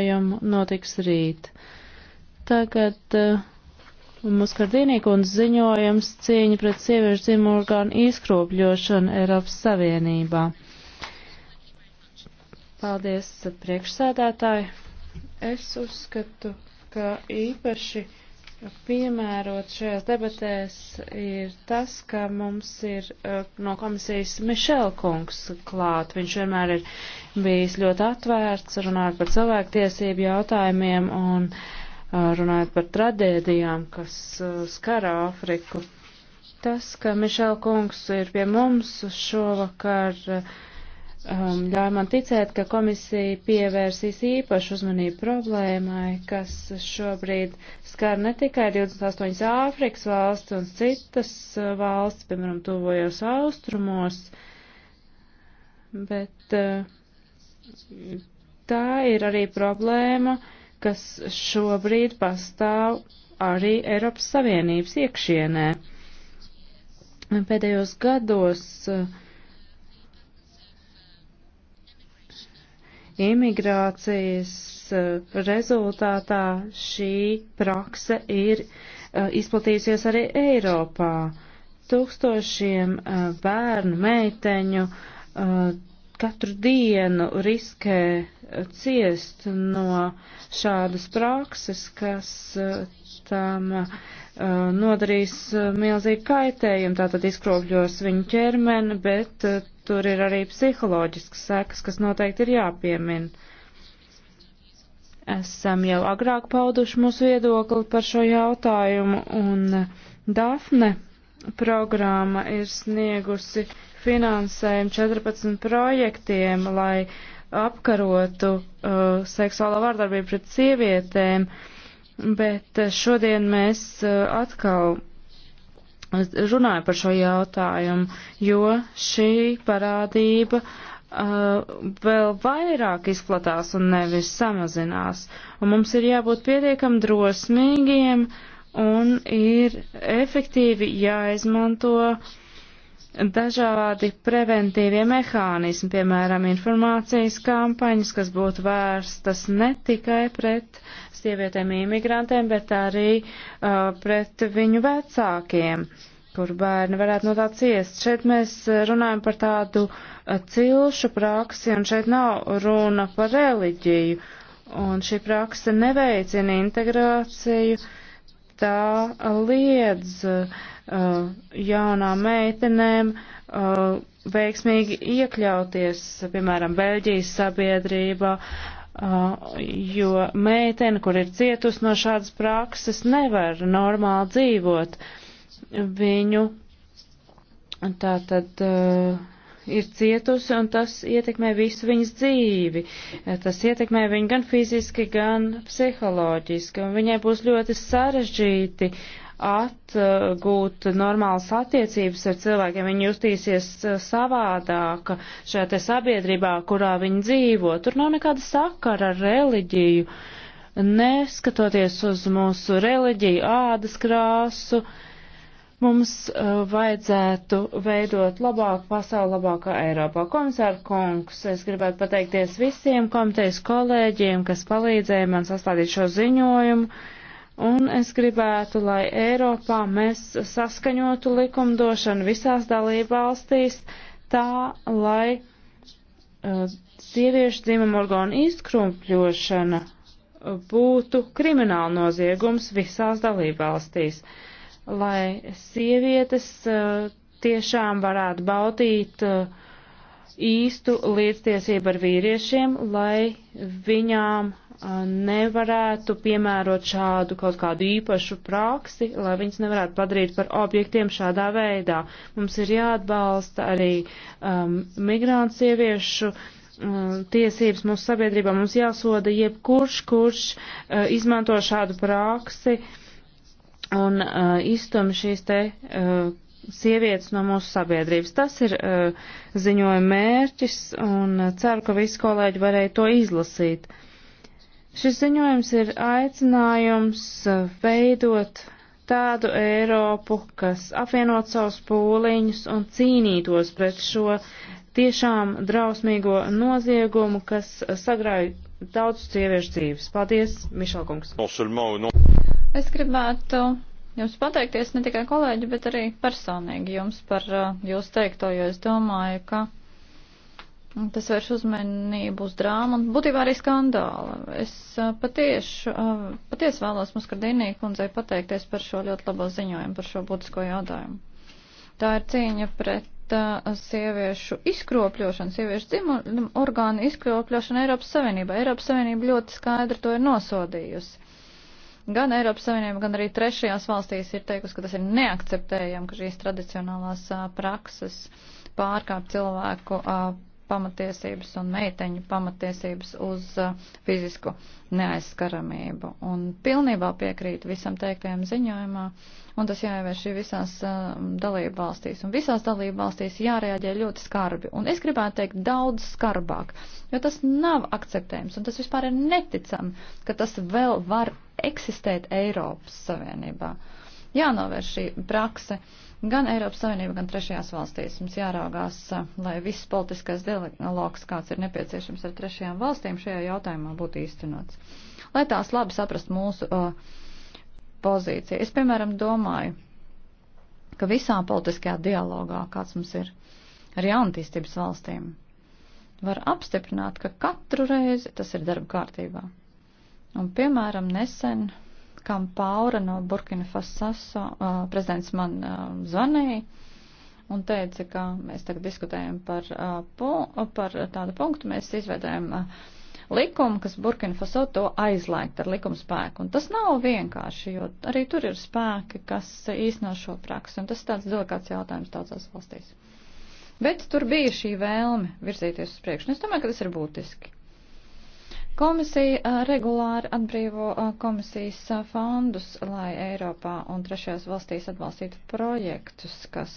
balsojumu notiks rīt. Tagad uh, Muskardīnī kundze ziņojums cīņa pret sieviešu dzimurgānu izkropļošanu Eiropas Savienībā. Paldies, priekšsēdētāji. Es uzskatu, ka īpaši piemērots šajās debatēs ir tas, ka mums ir eh, no komisijas Mišela kungs klāt. Viņš vienmēr ir bijis ļoti atvērts, runājot par cilvēktiesību jautājumiem un eh, runājot par tragēdijām, kas eh, skara Āfriku. Tas, ka Mišela kungs ir pie mums šovakar, uh, um, ļauj man ticēt, ka komisija pievērsīs īpašu uzmanību problēmai, kas šobrīd skar ne tikai 28 Āfrikas valsts un citas uh, valsts, piemēram, tuvojos austrumos, bet uh, tā ir arī problēma, kas šobrīd pastāv arī Eiropas Savienības iekšienē. Pēdējos gados uh, imigrācijas eh, rezultātā šī prakse ir eh, izplatījusies arī Eiropā. Tūkstošiem eh, bērnu, meiteņu katru dienu riskē ciest no šādas prakses, kas eh, tam eh, nodarīs eh, milzīgi kaitējumu, tātad izkropļos viņu ķermeni, bet tur ir arī psiholoģiskas sekas, kas noteikti ir jāpiemina. Esam jau agrāk pauduši mūsu viedokli par šo jautājumu, un Dafne programma ir sniegusi finansējumu 14 projektiem, lai uh, apkarotu uh, seksuālo vārdarbību pret sievietēm, bet uh, šodien mēs uh, atkal runājam par šo jautājumu, jo šī parādība uh, vēl vairāk izplatās un nevis samazinās. Un mums ir jābūt pietiekam drosmīgiem un ir efektīvi jāizmanto uh, dažādi preventīvie mehānismi, piemēram, informācijas kampaņas, kas būtu vērstas ne tikai pret sievietēm imigrantiem, bet arī uh, pret viņu vecākiem, kur bērni varētu no tā ciest. Šeit mēs runājam par tādu uh, cilšu praksi, un šeit nav runa par reliģiju, un šī praksa neveicina integrāciju. Uh, tā liedz uh, jaunām meitenēm uh, veiksmīgi iekļauties, piemēram, Beļģijas sabiedrībā, uh, jo meitene, kur ir cietusi no šādas prakses, nevar normāli dzīvot viņu. Tā tad. Uh, ir cietusi, un tas ietekmē visu viņas dzīvi. Tas ietekmē viņu gan fiziski, gan psiholoģiski, un viņai būs ļoti sarežģīti atgūt normālas attiecības ar cilvēkiem. Viņi justīsies uh, savādāka šajā te sabiedrībā, kurā viņi dzīvo. Tur nav nekāda sakara ar reliģiju. Neskatoties uz mūsu reliģiju, ādas krāsu, uh, Mums uh, vajadzētu veidot labāku pasauli, labākā Eiropā. Komisāra kungs, es gribētu pateikties visiem komitejas kolēģiem, kas palīdzēja man sastādīt šo ziņojumu. Un es gribētu, lai Eiropā mēs saskaņotu likumdošanu visās dalībvalstīs tā, lai uh, sieviešu dzimumu orgānu izkrumpļošana uh, būtu krimināla noziegums visās dalībvalstīs lai sievietes e, tiešām varētu baudīt e, īstu līdztiesību ar vīriešiem, lai viņām e, nevarētu piemērot šādu kaut kādu īpašu praksi, lai viņas nevarētu padarīt par objektiem šādā veidā. Mums ir jāatbalsta arī um, migrāntu sieviešu um, tiesības mūsu sabiedrībā. Mums jāsoda jebkurš, kurš uh, izmanto šādu praksi. Uh, un uh, izstum šīs te uh, sievietes no mūsu sabiedrības. Tas ir uh, ziņojuma mērķis un uh, ceru, ka visi kolēģi varēja to izlasīt. Šis ziņojums ir aicinājums uh, veidot tādu Eiropu, kas apvienot savus pūliņus un cīnītos pret šo tiešām drausmīgo noziegumu, kas sagrāja daudz sieviešu dzīves. Paldies, Mišelkungs! Es gribētu jums pateikties ne tikai kolēģi, bet arī personīgi jums par uh, jūs teikto, jo es domāju, ka tas vērš uzmanību uz drāmu un būtībā arī skandālu. Es uh, patieši, uh, patiesi vēlos Muskardīnī kundzei pateikties par šo ļoti labo ziņojumu, par šo būtisko jautājumu. Tā ir cīņa pret uh, sieviešu izkropļošanu, sieviešu dzimumu orgānu izkropļošanu Eiropas Savienībā. Eiropas Savienība ļoti skaidri to ir nosodījusi gan Eiropas Savienība, gan arī trešajās valstīs ir teikusi, ka tas ir neakceptējami, ka šīs tradicionālās prakses pārkāp cilvēku pamatiesības un meiteņu pamatiesības uz uh, fizisku neaizskaramību. Un pilnībā piekrīt visam teiktajam ziņojumā, un tas jāievieš visās uh, dalību valstīs. Un visās dalību valstīs jārēģē ļoti skarbi. Un es gribētu teikt daudz skarbāk, jo tas nav akceptējams, un tas vispār ir neticami, ka tas vēl var eksistēt Eiropas Savienībā. Jānovērš šī prakse. Uh, gan Eiropas Savienība, gan trešajās valstīs. Mums jāraugās, eh, lai viss politiskais dialogs, kāds ir nepieciešams ar trešajām valstīm, šajā jautājumā būtu īstenots. Lai tās labi saprast mūsu uh, pozīciju. Es, piemēram, domāju, ka visā politiskajā dialogā, kāds mums ir ar jaunatīstības valstīm, var apstiprināt, ka katru reizi tas ir darba kārtībā. Un, piemēram, nesen Kampaura no Burkina Faso uh, prezidents man uh, zvanīja un teica, ka mēs tagad diskutējam par, uh, pu, par tādu punktu, mēs izveidējam uh, likumu, kas Burkina Faso to aizliegt ar likuma spēku. Un tas nav vienkārši, jo arī tur ir spēki, kas īsno šo praksi, un tas ir tāds delikāts jautājums daudzās valstīs. Bet tur bija šī vēlme virzīties uz priekšu, un es domāju, ka tas ir būtiski. Komisija regulāri atbrīvo komisijas fondus, lai Eiropā un trešajās valstīs atbalstītu projektus, kas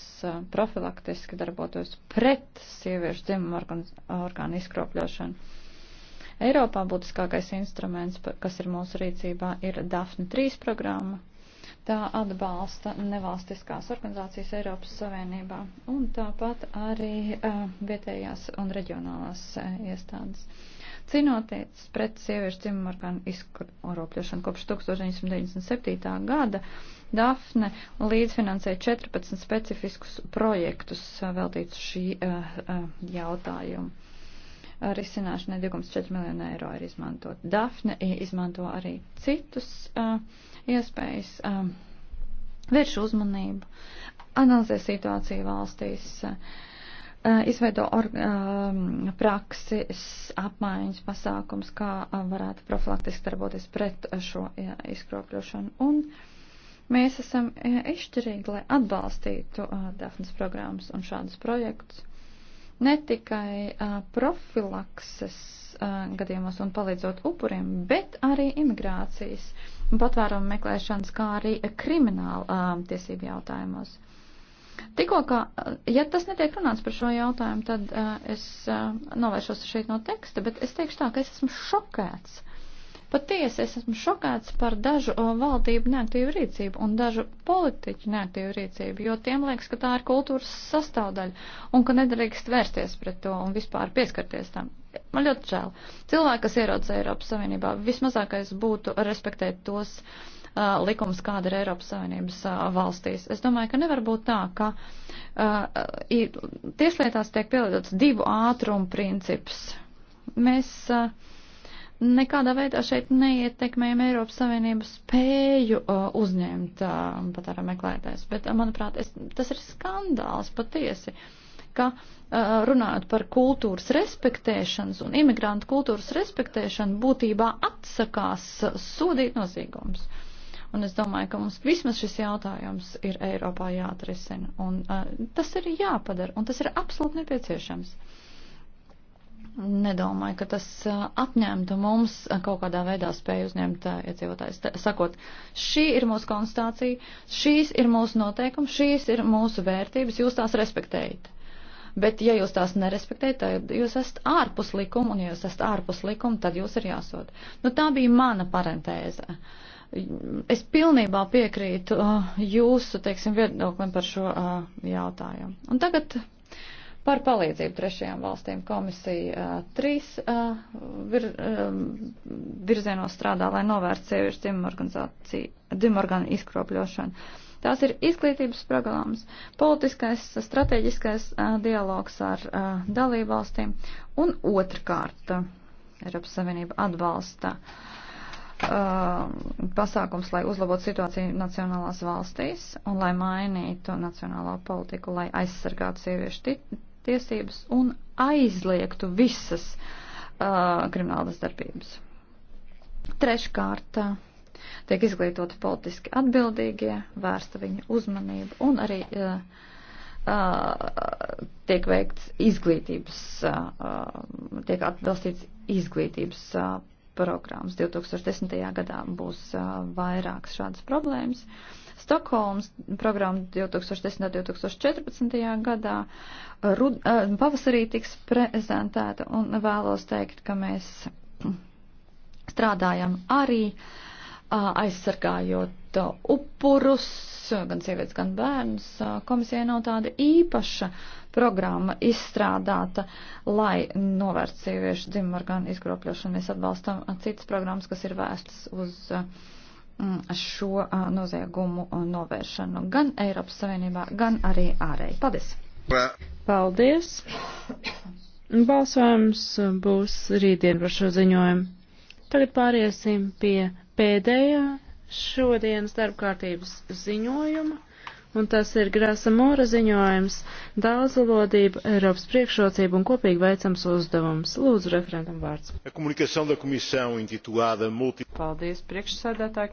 profilaktiski darbotos pret sieviešu dzimumu orgānu izkropļošanu. Eiropā būtiskākais instruments, kas ir mūsu rīcībā, ir Dafne 3 programma, Tā atbalsta nevalstiskās organizācijas Eiropas Savienībā un tāpat arī uh, vietējās un reģionālās uh, iestādes. Cīnoties pret sieviešu dzimumu orgānu izkropļošanu kopš 1997. gada, Dafne līdzfinansēja 14 specifiskus projektus uh, veltītus šī uh, uh, jautājumu risināšanai 2,4 miljonu eiro ir izmantot. Dafne izmanto arī citus uh, iespējas, uh, vērš uzmanību, analizē situāciju valstīs, uh, uh izveido or, uh, prakses, apmaiņas pasākums, kā uh, varētu profilaktiski darboties pret uh, šo uh, izkropļošanu. Un, Mēs esam uh, izšķirīgi, lai atbalstītu uh, Dafnes programmas un šādus projektus ne tikai uh, profilakses uh, gadījumos un palīdzot upuriem, bet arī imigrācijas un patvērumu meklēšanas, kā arī krimināla uh, tiesību jautājumos. Tikko, kā, ja tas netiek runāts par šo jautājumu, tad uh, es uh, novēršos šeit no teksta, bet es teikšu tā, ka es esmu šokēts uh, Patiesi es esmu šokēts par dažu uh, valdību neaktīvu rīcību un dažu politiķu neaktīvu rīcību, jo tiem liekas, ka tā ir kultūras sastāvdaļa un ka nedrīkst vērsties pret to un vispār pieskarties tam. Man ļoti žēl. Cilvēki, kas ierodas Eiropas Savienībā, vismazākais būtu respektēt tos uh, likums, kāda ir Eiropas Savienības uh, valstīs. Es domāju, ka nevar būt tā, ka uh, tieslietās tiek pielietots divu ātrumu princips. Mēs uh, nekādā veidā šeit neietekmējam Eiropas Savienības spēju uh, uzņemt uh, patērā meklētājs. Bet, uh, manuprāt, es, tas ir skandāls patiesi, ka uh, runājot par kultūras respektēšanas un imigrantu kultūras respektēšanu, būtībā atsakās sodīt noziegums. Un es domāju, ka mums vismaz šis jautājums ir Eiropā jāatrisina. Un uh, tas ir jāpadara, un tas ir absolūti nepieciešams. Uh, nedomāju, ka tas atņemtu mums kaut kādā veidā spēju uzņemt iedzīvotājus. Sakot, šī ir mūsu konstatācija, šīs ir mūsu noteikumi, šīs ir mūsu vērtības, jūs tās respektējat. Bet, ja jūs tās nerespektējat, tad jūs esat ārpus likuma, un ja jūs esat ārpus likuma, tad jūs ir jāsod. Nu, tā bija mana parentēze. Es pilnībā piekrītu jūsu, teiksim, viedoklim par šo jautājumu. Un tagad Par palīdzību trešajām valstīm komisija uh, trīs uh, vir, um, virzienos strādā, lai novērstu sieviešu dzimorganu izkropļošanu. Tās ir izglītības programmas, politiskais, strateģiskais uh, dialogs ar uh, dalībvalstīm un otrkārt uh, Eiropas Savienība atbalsta uh, pasākums, lai uzlabotu situāciju nacionālās valstīs un lai mainītu nacionālā politiku, lai aizsargātu sieviešu tiesības un aizliegtu visas uh, kriminālas darbības. Treškārt, uh, tiek izglītoti politiski atbildīgie, vērsta viņa uzmanība un arī uh, uh, tiek veikts izglītības, uh, tiek atbalstīts izglītības uh, programmas. 2010. gadā būs vairākas šādas problēmas. Stokholmas programma 2010. un 2014. gadā rud, pavasarī tiks prezentēta un vēlos teikt, ka mēs strādājam arī aizsargājot upurus, gan sievietes, gan bērnus. Komisijai nav tāda īpaša programma izstrādāta, lai novērst sieviešu dzimumu orgānu izkropļošanu. Mēs atbalstam citas programmas, kas ir vērstas uz šo noziegumu novēršanu gan Eiropas Savienībā, gan arī ārēji. Paldies! Paldies! Balsojums būs rītdien par šo ziņojumu. Tagad pāriesim pie pēdējā šodienas darbkārtības ziņojumu, un tas ir Grāsa Mūra ziņojums - daudzvalodība, Eiropas priekšrocība un kopīgi veicams uzdevums. Lūdzu, referentam vārds. Paldies, priekšsēdētāji.